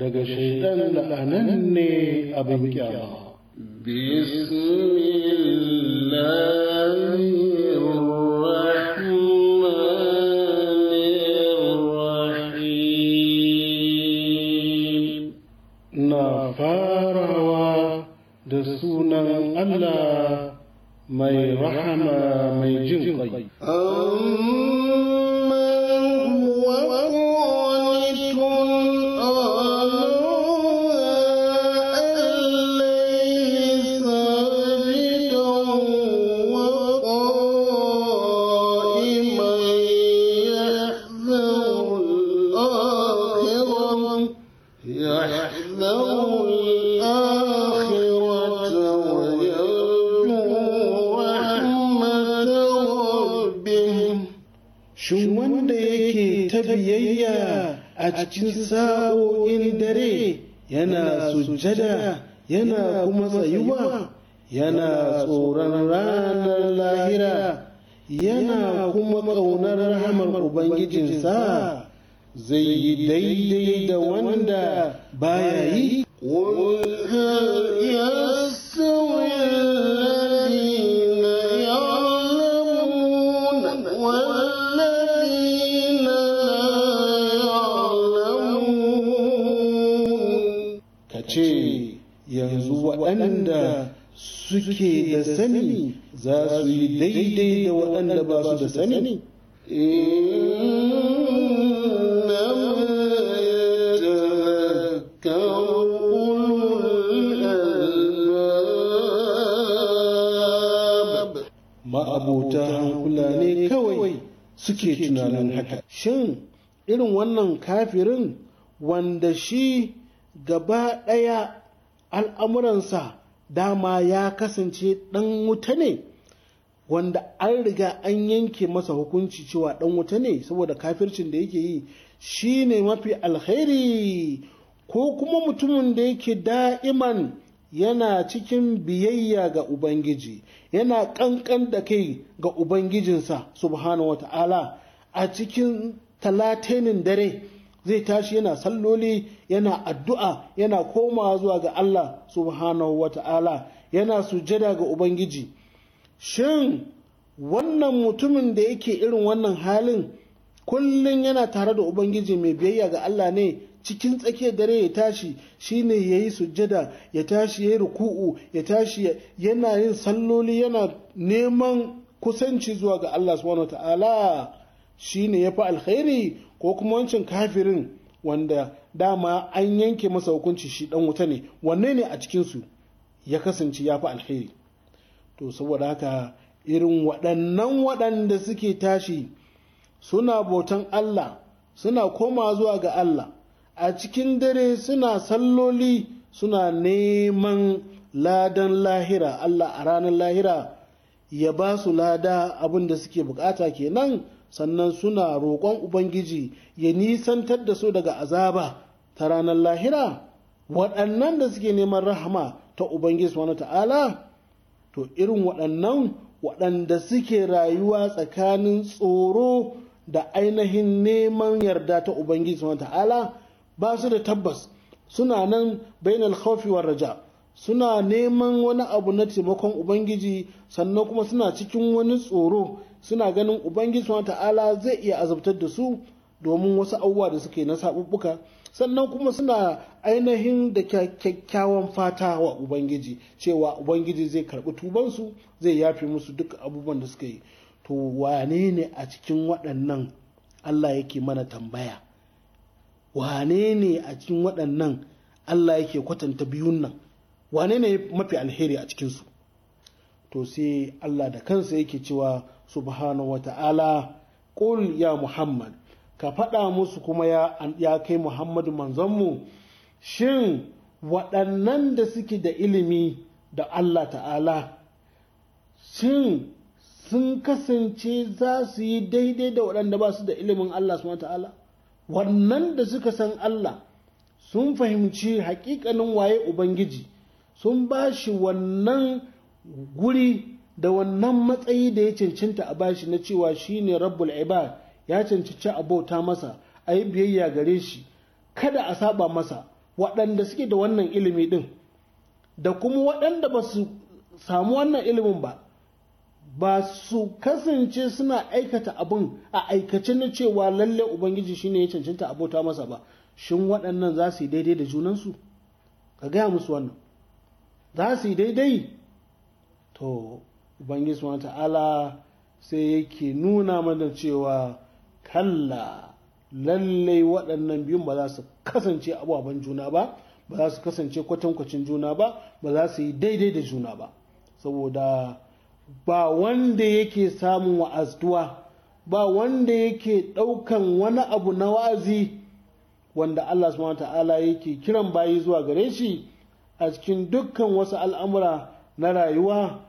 daga shaidan la'anan abin kyama. Bismi suke tunanin haka shin irin wannan kafirin wanda shi gaba ɗaya al'amuransa dama ya kasance ɗan wuta ne wanda an riga an yanke masa hukunci cewa ɗan wuta ne saboda kafircin da yake yi shi ne mafi alheri ko kuma mutumin da yake da'iman yana cikin biyayya ga Ubangiji, yana ƙanƙan da kai ga Ubangijinsa subhanahu wa ta'ala a cikin talatinin dare zai tashi yana salloli, yana addu'a, yana koma zuwa ga Allah subhanahu wa ta'ala, yana sujada ga Ubangiji. Shin wannan mutumin da yake irin wannan halin kullum yana tare da Ubangiji mai biyayya ga Allah ne cikin tsakiyar dare ya tashi shine ya yi sujjada ya tashi ya yi ruku'u ya tashi yana yin salloli yana neman kusanci zuwa ga Allah subhanahu ta'ala shine ya fi alkhairi ko kuma wancan kafirin wanda dama an yanke masa hukunci shi dan wuta ne wanne ne a cikinsu ya kasance ya fi alkhairi to saboda haka irin waɗannan waɗanda suke tashi suna botan Allah suna koma zuwa ga Allah a cikin dare suna salloli suna neman ladan lahira Allah a ranar lahira ya ba su lada abin da suke bukata kenan sannan suna roƙon ubangiji ya nisantar da su daga azaba ta ranar lahira waɗannan da suke neman rahama ta ubangiji wani ta'ala to irin waɗannan waɗanda suke rayuwa tsakanin tsoro da ainihin neman yarda ta ubangiji wani ta'ala ba su da tabbas suna nan bainal khawfi wa raja suna neman wani abu na taimakon ubangiji sannan kuma suna cikin wani tsoro suna ganin ubangiji subhanahu ta'ala zai iya azabtar da su domin wasu abubuwa da suke na sabubbuka sannan kuma suna ainihin da kyakkyawan fata wa ubangiji cewa ubangiji zai karbi tubansu zai yafe musu duk abubuwan da suka yi to wane ne a cikin waɗannan allah yake mana tambaya wane ne a cikin waɗannan Allah yake kwatanta biyun nan wane ne mafi alheri a cikinsu to sai Allah da kansa yake cewa subhanahu ta'ala ƙul ya muhammad ka faɗa musu kuma ya, kai muhammadu manzonmu shin waɗannan da suke da ilimi da Allah ta'ala shin sun kasance za su yi daidai da waɗanda ba su da ilimin Allah subhanahu ta'ala wannan da suka san Allah sun fahimci hakikanin waye Ubangiji sun ba shi wannan guri da wannan matsayi da ya cancanta a bashi na cewa shi ne rabbul ibad ya cancanci abota masa a yi biyayya gare shi kada a saba masa waɗanda suke da wannan ilimi ɗin da kuma waɗanda ba su samu wannan ilimin ba ba su kasance suna aikata abin a aikace na cewa lalle ubangiji shine ya cancanta abota masa ba shin waɗannan za su yi daidai da junansu ka gaya musu wannan za su yi daidai to ubangiji wa ta'ala sai yake nuna mana cewa kalla lallai waɗannan biyun ba za su kasance ababen juna ba ba za su kasance kwatankwacin juna ba ba za su yi daidai da juna ba saboda ba wanda yake samun wa'aztuwa ba wanda yake ɗaukan wani abu na wa'azi wanda Allah subhanahu ta'ala yake kiran bayi zuwa gare shi a cikin dukkan wasu al'amura na rayuwa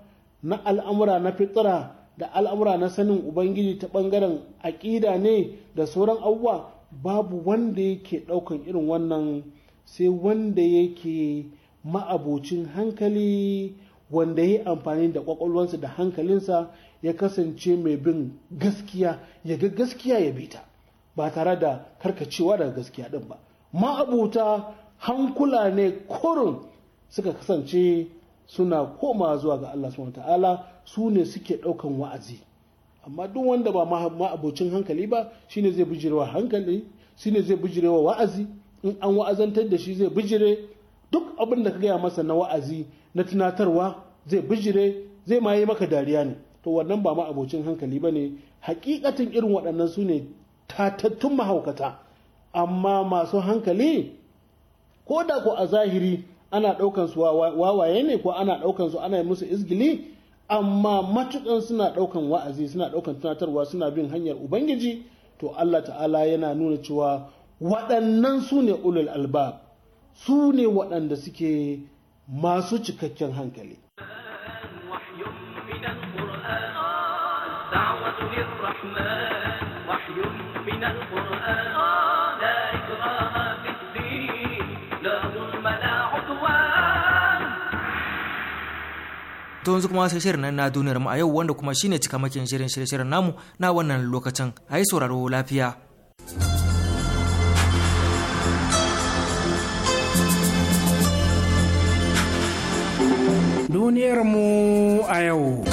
na al'amura na fitsira da al'amura na sanin ubangiji ta ɓangaren aƙida ne da sauran abubuwa babu wanda yake ɗaukan irin wannan sai wanda yake ma'abocin hankali wanda ya yi amfani da kwakwalwansa da hankalinsa ya kasance mai bin gaskiya ya ga gaskiya ya bi ta ba tare da karkacewa daga gaskiya din ba ma'abuta hankula ne korin suka kasance suna koma zuwa ga Allah subhanahu ta'ala su ne suke ɗaukan wa'azi amma duk wanda ba ma'abucin hankali ba shine zai bijirewa hankali shine zai bijirewa wa'azi in an wa'azantar da shi zai bijire duk abin da ka gaya masa na wa'azi na tunatarwa zai bijire zai ma yi maka dariya ne to wannan ba ma abocin hankali ba ne hakikatin irin waɗannan su ne tatattun mahaukata amma masu hankali ko da ko a zahiri ana ɗaukan su wawaye ne ko ana ɗaukan su ana yi musu izgili amma matukan suna ɗaukan wa'azi suna ɗaukan tunatarwa suna bin hanyar ubangiji to Allah ta'ala yana nuna cewa waɗannan su ne ulul albab su ne waɗanda suke masu cikakken hankali to yanzu kuma sai shirin nan na duniyar mu a yau wanda kuma shine cikamakin shirin shirye-shiryen namu na wannan lokacin a sauraro lafiya duniyarmu a yau.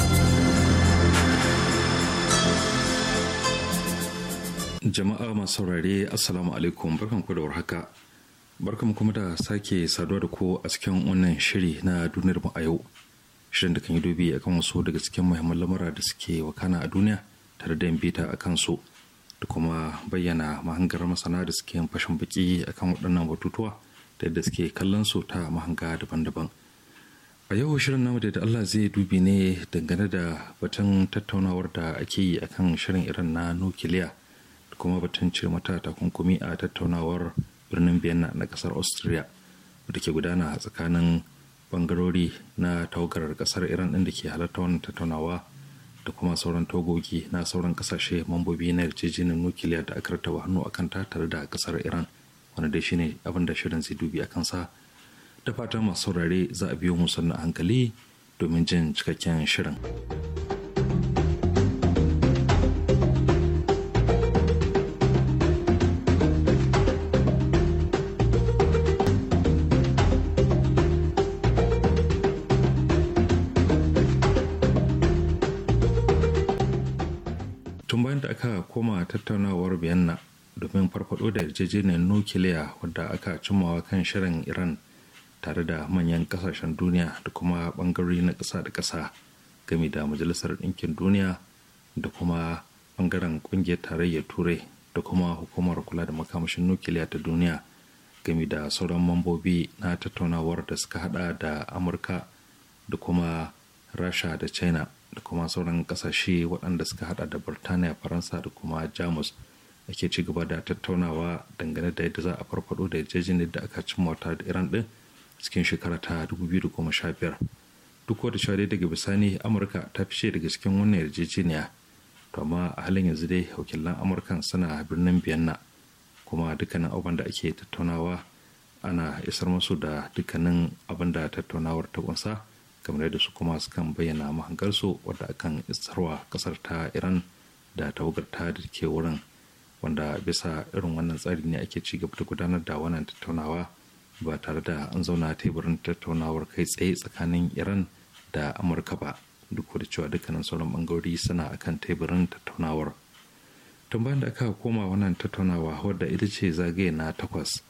Jama'a masu saurare Assalamu alaikum barkanku da warhaka. Barkanku kuma da sake saduwa da ku a cikin wannan shiri na duniyarmu a yau. Shirin da kan yi dubi akan wasu daga cikin muhimman lamura da suke wakana a duniya tare da bita a kansu da kuma bayyana mahangar masana da suke fashin baki akan waɗannan batutuwa da yadda suke kallon su ta mahanga daban-daban. a yau shirin namu da Allah zai dubi ne dangane da batun tattaunawar da ake yi akan shirin iran na nukiliya da kuma batun cire mata takunkumi a tattaunawar birnin vienna na kasar austria wadda ke gudana a tsakanin bangarori na taugarar kasar iran inda da ke halarta wannan tattaunawa da kuma sauran togogi na sauran kasashe mambobi na yarjejeniyar nukiliya da aka rataba hannu akan ta tare da kasar iran wanda dai shine abin da shirin zai dubi akan sa da fata masu saurare za a biyo musu na hankali domin jin cikakken shirin. tun bayan da aka koma tattaunawar vienna domin farfado da yarjejeniyar nukiliya wadda aka cimmawa kan shirin iran tare da manyan kasashen duniya da kuma bangarori na ƙasa da ƙasa game da majalisar ɗinkin duniya da kuma bangaren ƙungiyar tarayyar turai da kuma hukumar kula da makamashin nukiliya ta duniya game da sauran mambobi na tattaunawar da suka hada da amurka da kuma rasha da china da kuma sauran kasashe waɗanda suka hada da birtaniya faransa da kuma jamus ake ci gaba da tattaunawa dangane da yadda za a farfado da yarjejeniyar da aka cimma da iran din cikin shekara ta 2015 duk wata shawarar daga bisani amurka ta fice daga cikin wannan yarjejeniya to amma a halin yanzu dai wakilan amurkan suna birnin biyanna kuma dukkanin abin da ake tattaunawa ana isar masu da dukkanin abin da tattaunawar ta kunsa kamar yadda su kuma sukan bayyana mahangarsu wadda akan isarwa kasar ta iran da tawagar ta da ke wurin wanda bisa irin wannan tsari ne ake ci gaba da gudanar da wannan tattaunawa ba tare da an zauna teburin tattaunawar kai tsaye tsakanin iran da amurka ba duk da cewa dukkanin sauran bangarori suna akan teburin tattaunawar tun bayan da aka koma wannan tattaunawa wadda ita ce zagaye na takwas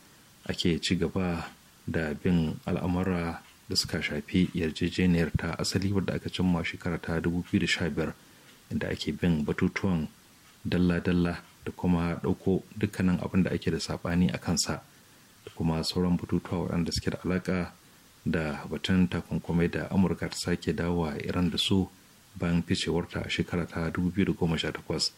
ake ci gaba da bin al'amura da suka shafi yarjejeniyar ta asali wadda aka cimma shekara ta 2015 inda ake bin batutuwan dalla-dalla da kuma dauko dukkanin abin da ake da sabani a kansa da kuma sauran bututuwa waɗanda suke da alaƙa da batun takunkumai da amurka ta sake dawa iran da su bayan ficewarta a shekara ta 2018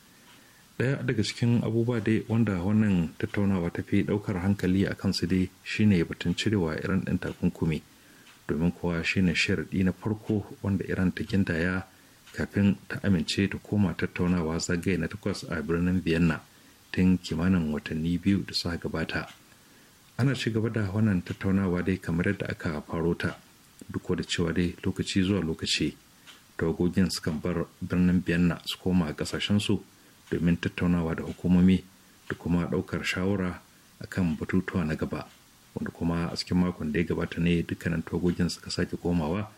ɗaya daga cikin abubuwa dai wanda wannan tattaunawa ta fi ɗaukar hankali a kansu dai shine batun cirewa iran ɗin takunkumi domin kuwa shine sharaɗi na farko wanda iran ta gindaya kafin ta amince ta koma tattaunawa zagaye na takwas a birnin vienna tun kimanin watanni biyu da suka gabata ana ci gaba da wannan tattaunawa dai kamar yadda aka faro ta duk da cewa dai lokaci zuwa lokaci tawagogin sukan bar birnin biyanna su koma kasashensu domin tattaunawa da hukumomi da kuma daukar shawara kan batutuwa na gaba wanda kuma a cikin makon da ya gabata ne dukkanin tawagogin suka sake komawa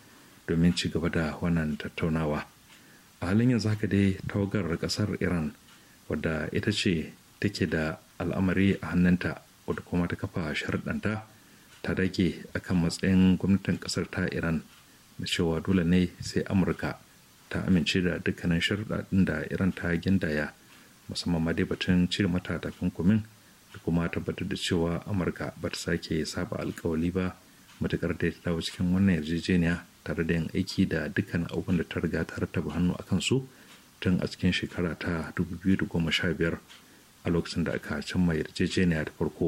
domin ci gaba da wannan tattaunawa a halin yanzu haka dai tawagar kasar iran wadda ita ce take da al'amari a hannunta wadda kuma ta kafa sharɗanta ta dage akan matsayin gwamnatin ƙasar ta iran da cewa dole ne sai amurka ta amince da dukkanin sharɗaɗin da iran ta gindaya musamman ma dai batun cire mata takunkumin da kuma tabbatar da cewa amurka ba ta sake saba alkawali ba matukar da ta cikin wannan yarjejeniya tare da yin aiki da dukkan abubuwan da ta riga ta rattaba hannu a kansu tun a cikin shekara ta 2015 a lokacin da aka cimma yarjejeniya ta farko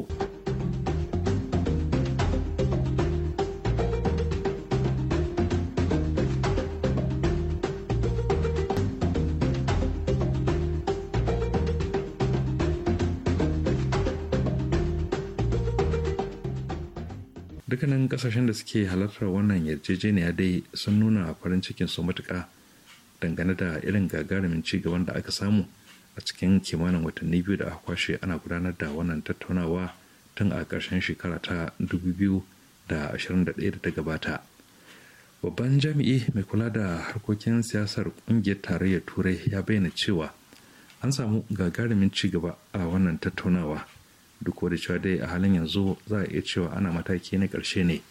dukkanin kasashen da suke halartar wannan yarjejeniya dai sun nuna farin cikin su matuka dangane da irin gagarumin ci gaban da aka samu a cikin kimanin watanni biyu da aka kwashe ana gudanar da wannan tattaunawa tun a ƙarshen shekara ta 2021 da ta gabata babban jami'i mai kula da harkokin siyasar ƙungiyar tarayyar turai ya bayyana cewa an samu gagarumin ci gaba a wannan tattaunawa duk da cewa dai a halin yanzu za a iya cewa ana mataki na ƙarshe ne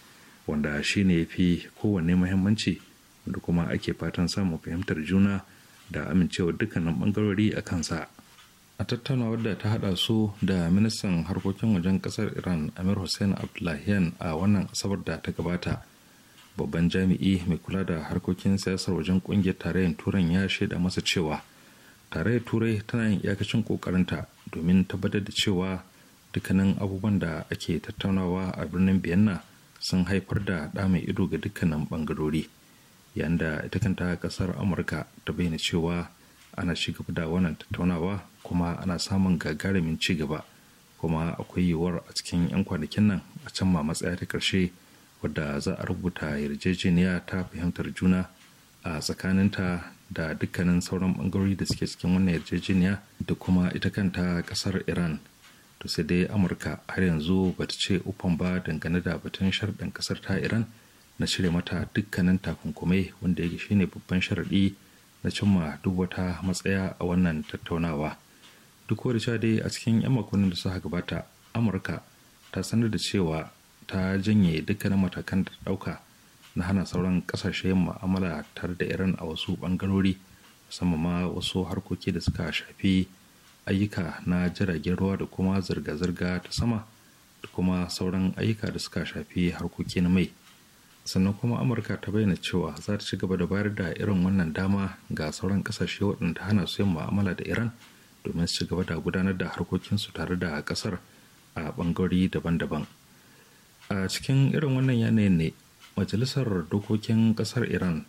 wanda shine ya fi kowanne muhimmanci wanda kuma ake fatan samun fahimtar juna da amincewar dukkanin bangarori a kansa a tattaunawar da ta hada su da ministan harkokin wajen kasar iran amir hussein abdullahian a wannan asabar da ta gabata babban jami'i mai kula da harkokin siyasar wajen kungiyar tarayyar turan ya shaida masa cewa tarayyar turai tana yin iyakacin kokarinta domin tabbatar da cewa dukkanin abubuwan da ake tattaunawa a birnin vienna sun haifar da ɗa mai ido ga dukkanin bangarori. yayin da ita kanta kasar amurka ta bayyana cewa ana ci gaba da wannan tattaunawa kuma ana samun gagarumin ci gaba kuma akwai yiwuwar a cikin 'yan kwanakin nan a can ma matsaya ta karshe wadda za a rubuta yarjejeniya ta fahimtar juna a tsakaninta da dukkanin sauran bangarori da suke cikin wannan yarjejeniya da kuma ita kanta kasar iran to sai dai amurka har yanzu bata ce ufan ba dangane da batun sharɗin kasar ta iran na cire mata dukkanin takunkumai wanda yake shine babban sharaɗi na cimma duk wata matsaya a wannan tattaunawa duk da cewa dai a cikin 'yan makonnin da suka gabata amurka ta sanar da cewa ta janye dukkanin matakan da ɗauka na hana sauran ƙasashe mu'amala tare da iran a wasu bangarori musamman ma wasu harkoki da suka shafi ayyuka na jiragen ruwa da kuma zirga-zirga ta sama da kuma sauran ayyuka da suka shafi harkoki na mai sannan kuma amurka ta bayyana cewa za ta ci gaba da bayar da irin wannan dama ga sauran kasashe waɗanda hana su yin mu'amala da iran domin su ci gaba da gudanar da harkokinsu tare da ƙasar a ɓangarori daban-daban a cikin irin wannan yanayin ne majalisar dokokin ƙasar iran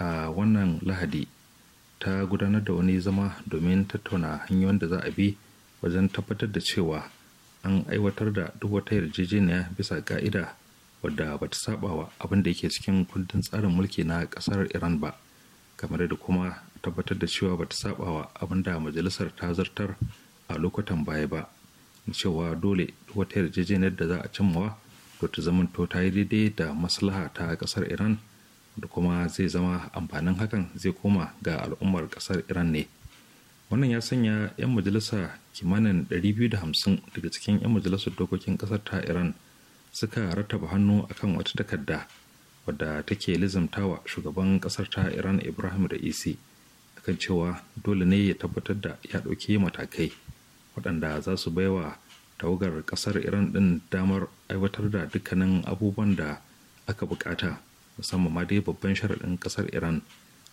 a wannan lahadi ta gudanar da wani zama domin tattauna hanyoyin da za a bi wajen tabbatar da cewa an aiwatar da duk wata yarjejeniya bisa ka'ida wadda ba ta saba wa abin da yake cikin kundin tsarin mulki na kasar iran ba kamar da kuma tabbatar da cewa ba ta saba wa abin da majalisar ta zartar a lokutan baya ba cewa dole wata yarjejeniyar da za a cimmawa to ta zamanto ta yi daidai da maslaha ta kasar iran da kuma zai zama amfanin hakan zai koma ga al'ummar kasar iran ne wannan ya sanya 'yan majalisa kimanin 250 daga cikin 'yan majalisar dokokin kasar ta iran suka rattaba hannu a kan wata takarda wadda take lizamtawa shugaban kasar ta iran ibrahim da isi akan cewa dole ne ya tabbatar da ya ɗauki matakai waɗanda za su baiwa tawagar kasar iran ɗin damar aiwatar da dukkanin abubuwan da aka bukata musamman ma dai babban sharaɗin kasar iran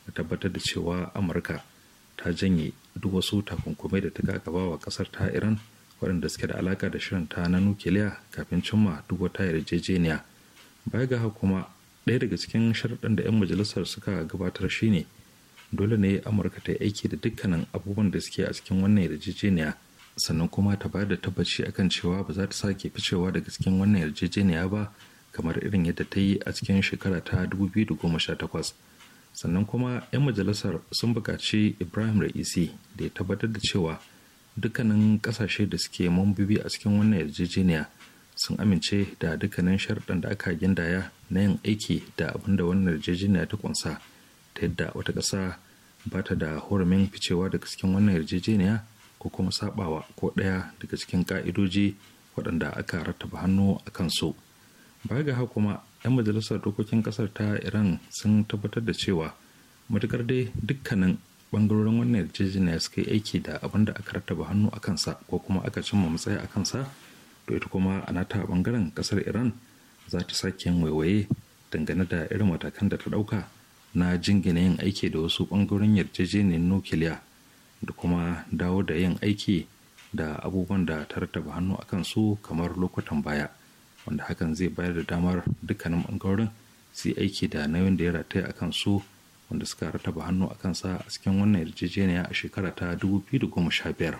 da tabbatar da cewa amurka ta janye duk wasu takunkumai da ta gaba wa kasar ta iran waɗanda suke da alaka da shirin ta na nukiliya kafin cimma duk wata yarjejeniya baya ga haka kuma ɗaya daga cikin sharaɗin da 'yan majalisar suka gabatar shine dole ne amurka ta yi aiki da dukkanin abubuwan da suke a cikin wannan yarjejeniya sannan kuma ta bayar da tabbaci akan cewa ba za ta sake ficewa daga cikin wannan yarjejeniya ba kamar irin yadda ta yi a cikin shekara ta 2018 sannan kuma 'yan majalisar sun buƙaci ibrahim ra'isi da ya tabbatar da cewa dukkanin kasashe da suke mambobi a cikin wannan yarjejeniya sun amince da dukkanin sharɗan da aka gindaya na yin aiki da abin da wannan yarjejeniya ta kunsa ta yadda wata ƙasa ba ta da hurumin ficewa daga cikin wannan yarjejeniya ko kuma sabawa ko ɗaya daga cikin ka'idoji waɗanda aka rattaba hannu a kansu baya ga haka kuma 'yan majalisar dokokin ƙasar ta iran sun tabbatar da cewa matukar dai dukkanin bangarorin wannan yarjejeniya suka yi aiki da abin da aka rattaba hannu a kansa ko kuma aka cimma matsaya a kansa to ita kuma a nata bangaren kasar iran za ta sake yin waiwaye dangane da irin matakan da ta ɗauka na jingina yin aiki da wasu bangarorin yarjejeniyar nukiliya da kuma dawo da yin aiki da abubuwan da ta rattaba hannu a kansu kamar lokutan baya wanda hakan zai bayar da damar dukkanin bangarorin su yi aiki da nauyin da ya rataya a kansu su wanda suka rataba hannu a kansa a cikin wannan yarjejeniya a shekara ta 2015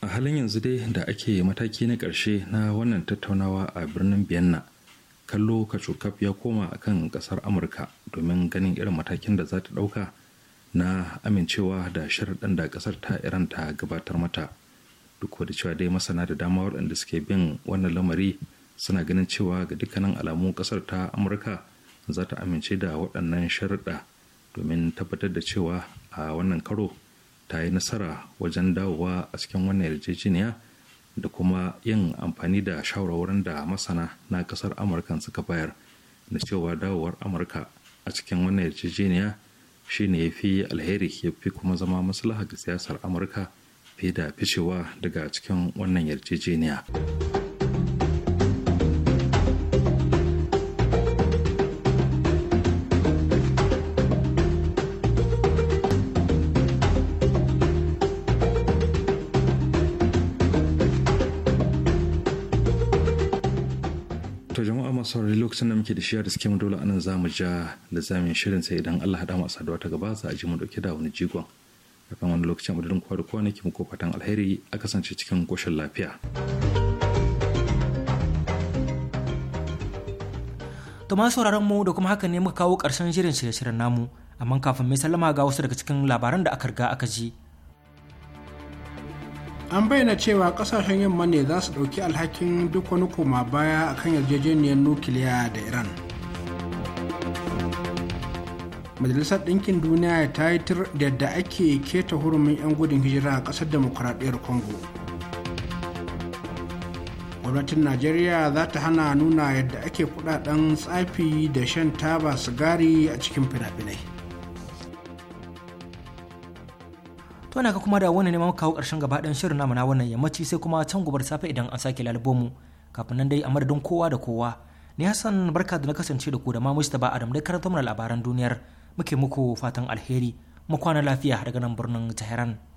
a halin yanzu dai da ake mataki na karshe na wannan tattaunawa a birnin vienna kallo kachukap ya koma a kan ƙasar amurka domin ganin irin matakin da za ta ɗauka na amincewa da sharaɗin da kasar ta iran ta gabatar mata duk da cewa dai masana da dama waɗanda suke bin wannan lamari suna ganin cewa ga dukkanin alamu ƙasar ta amurka za ta amince da waɗannan sharaɗa domin tabbatar da cewa a wannan karo ta yi nasara wajen dawowa a cikin wannan yarjejeniya da kuma yin amfani da shawarwarin da masana na kasar amurka suka bayar da cewa dawowar amurka a cikin wannan yarjejeniya shine ya fi alheri ya fi kuma zama maslaha ga siyasar amurka fiye da ficewa daga cikin wannan yarjejeniya. muke da shi da suke mu dole anan za mu ja da zamin shirin sai idan Allah haɗa mu saduwa ta gaba za a ji mu dauke da wani jigon kan wani lokacin madadin kwa da kowa nake muku fatan alheri a kasance cikin koshin lafiya. To ma sauraron mu da kuma haka ne muka kawo karshen shirin shirye-shiryen namu amma kafin mai sallama ga wasu daga cikin labaran da aka riga aka ji. an bayyana cewa kasashen yamma ne za su ɗauki alhakin duk wani koma baya a kan yarjejeniyar nukiliya da iran majalisar ɗinkin duniya ta yi tur da yadda ake keta hurumin 'yan gudun hijira a ƙasar demokuraɗiyar congo gwamnatin najeriya za ta hana nuna yadda ake kudaden tsafi da shan taba sigari a cikin fina-finai to na ga kuma da wannan ne kawo karshen gaba ɗayan shirin namu na wannan yammaci sai kuma can gobar safe idan an sake lalbomu kafin nan dai a madadin kowa da kowa ni Hassan barka da na kasance da ku da ma ba Adam dai karanta mana labaran duniyar muke muku fatan alheri mu kwana lafiya daga nan birnin Tehran